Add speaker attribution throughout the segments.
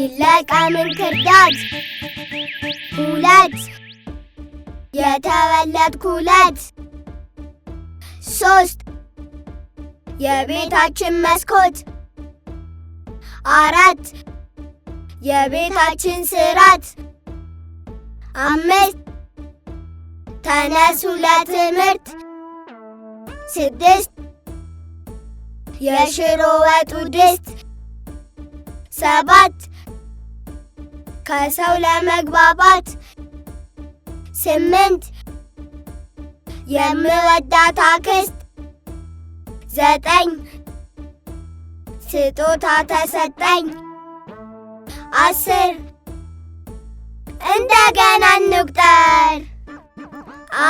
Speaker 1: ይለቃ ምንክርዳድ ሁለት የተወለድኩ ሶስት የቤታችን መስኮት አራት የቤታችን ስራት አምስት ተነሱ ለትምህርት ስድስት የሽሮ ወጡ ድስት ሰባት ከሰው ለመግባባት ስምንት የምወዳት አክስት ዘጠኝ ስጦታ ተሰጠኝ አስር እንደገና እንቁጠር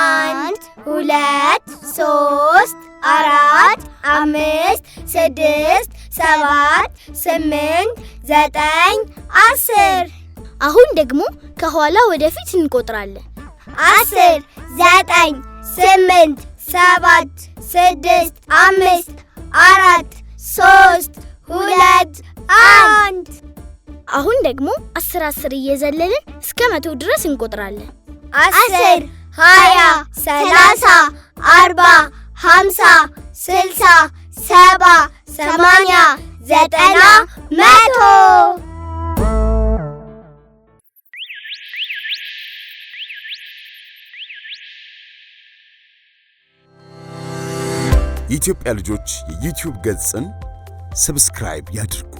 Speaker 1: አንድ ሁለት ሶስት አራት አምስት ስድስት ሰባት ስምንት ዘጠኝ አስር
Speaker 2: አሁን ደግሞ ከኋላ ወደፊት እንቆጥራለን።
Speaker 1: አስር ዘጠኝ ስምንት ሰባት ስድስት አምስት አራት ሶስት ሁለት አንድ።
Speaker 2: አሁን ደግሞ አስር አስር እየዘለልን እስከ መቶ ድረስ እንቆጥራለን።
Speaker 1: አስር ሃያ ሰላሳ አርባ ሃምሳ ስልሳ ሰባ ሰማንያ ዘጠና መ የኢትዮጵያ ልጆች የዩቲዩብ ገጽን ሰብስክራይብ ያድርጉ።